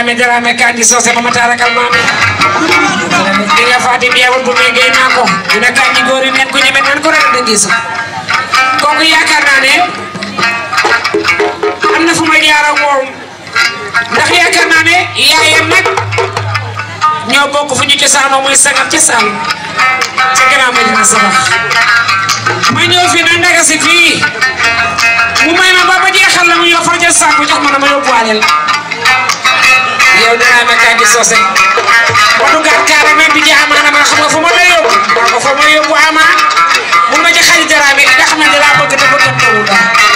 darame darame kandi sose mama tara kalmami diga fati ɓewol bo ɓe geynako ina kandi gori men ko ñamen tan ko ma ñëw fii nag ndaga si fii mu may ma ba ba jeexal la mu yow fajal saako jox ma na ma yóbbuwaaleel ana Kandji Socé wadu gaat carrément mbidi amana ma xam nga fu ma la yóbbu ma ko fa ma yóbbu ama mun ma ci xarit jaraami ndax man de laa bëgg te bëgg tawul